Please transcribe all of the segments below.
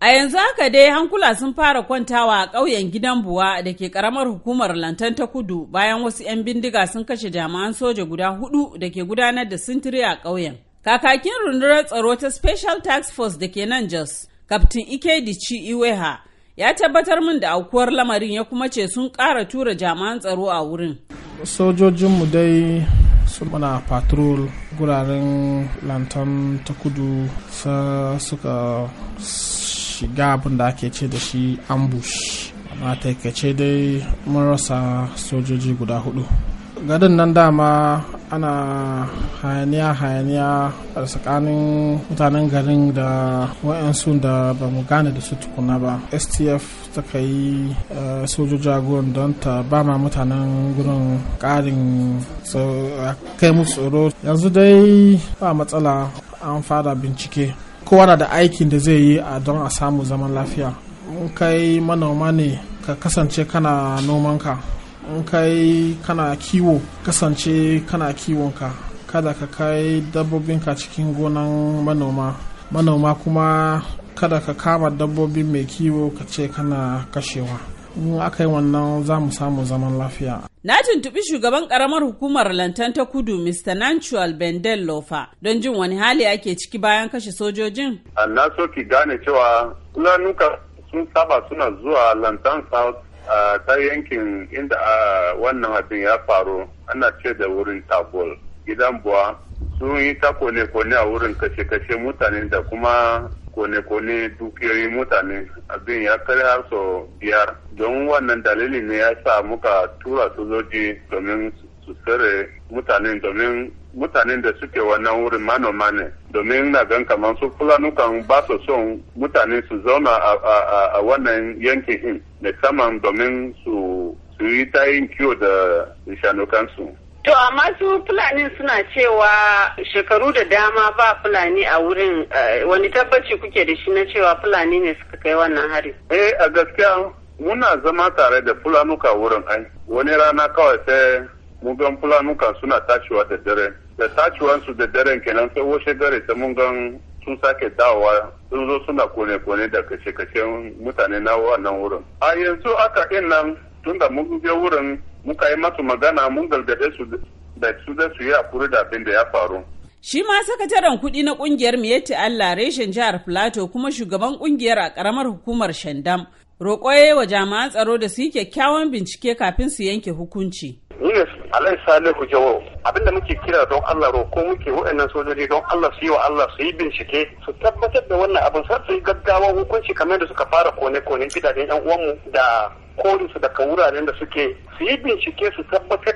A yanzu haka dai hankula sun fara kwantawa a ƙauyen gidan buwa da ke ƙaramar hukumar lantan ta kudu bayan wasu 'yan bindiga sun kashe jami'an soja guda hudu da ke gudanar da sintiri a ƙauyen. Kakakin rundunar tsaro ta Special Task Force da ke nan Jos, Kaftin Ikedici Iweha, ya tabbatar min da aukuwar lamarin ya kuma ce sun ƙara tura jami'an tsaro a wurin. Sojojinmu dai su muna patrol guraren lantan ta kudu suka shiga abin da ake ce da shi ambush amma taikace dai mun rasa sojoji guda hudu Gadin nan dama ana hayaniya hayaniya a tsakanin mutanen garin da wa'yansu da ba mu gane da su tukuna ba stf ta ka yi eh, sojoji a don ta ba ma mutanen gurin karin kai mu tsoro yanzu dai ba matsala an fara bincike kowa na da aikin da zai yi a don a samu zaman lafiya in kai manoma ne ka kasance kana nomanka in kai kana kiwo kasance kana kiwonka kada ka kai dabbobinka cikin gonan manoma manoma kuma kada ka kama dabbobi mai kiwo ka ce kana kashewa in aka yi wannan za mu samu zaman lafiya Na tuntuɓi shugaban ƙaramar hukumar lantan ta kudu Mr. nancual Bendel Lofa don jin wani hali ake ciki bayan kashe sojojin. Na so ki gane cewa lanuka sun saba suna zuwa lantan south ta yankin inda wannan abin ya faru ana ce da wurin tabol gidan buwa sun yi ta kone-kone a wurin kashe-kashe mutane da kuma kone-kone dukiyoyin mutane abin ya kai har sau biyar don wannan dalilin ne ya sa muka tura sojoji domin su tsare mutanen domin mutanen da suke wannan wurin manoma ne domin na gan kamar su fulani kan ba su son mutane su zauna a wannan yankin saman domin su yi tayin kiwo da shanukansu To amma su Fulani suna cewa shekaru da dama ba Fulani a wurin eh, wani tabbaci kuke da shi na cewa Fulani ne suka kai wannan hari. Eh a gaskiya muna zama tare da Fulanuka wurin ai. Wani rana kawai sai mugan Fulanuka suna tashiwa da dare. Da tashiwansu da daren kenan sai washe gare ta mugan gan sun sake dawowa sun zo suna kone-kone da kashe-kashen mutane na wannan wurin. A yanzu aka nan tun da mun wurin muka yi masu magana mun gargaɗe su da su da su yi hakuri da abin da ya faru. Shi ma sakataren kuɗi na ƙungiyar yace Allah reshen jihar Filato kuma shugaban ƙungiyar a karamar hukumar Shandam. Roƙo ya wa jami'an tsaro da su yi kyakkyawan bincike kafin su yanke hukunci. Ni ne Salihu Jawo abinda muke kira don Allah roƙo muke wa'annan sojoji don Allah su yi wa Allah su yi bincike su tabbatar da wannan abin sai su gaggawan hukunci kamar da suka fara kone kone gidajen 'yan uwanmu da korinsu daga wuraren da suke su yi bincike su tabbatar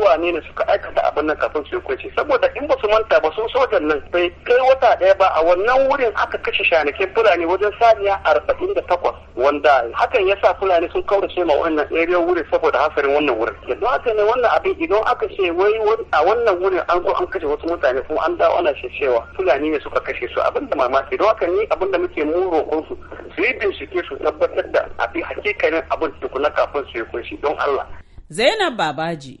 wane ne suka aikata abin nan kafin su kwace saboda in ba su manta ba su sojan nan bai kai wata ɗaya ba a wannan wurin aka kashe shanakin fulani wajen saniya arba'in da takwas wanda hakan ya sa fulani sun ce ma wannan area wurin saboda hasarin wannan wurin yanzu haka ne wannan abin idan aka ce wai a wannan wurin an zo an kashe wasu mutane kuma an dawo ana cewa fulani ne suka kashe su abin da mamaki don haka ni abin da muke mu roƙon su su yi bincike su tabbatar da abin hakikanin abin tukuna kafin su yi kunshi don Allah. Zainab Babaji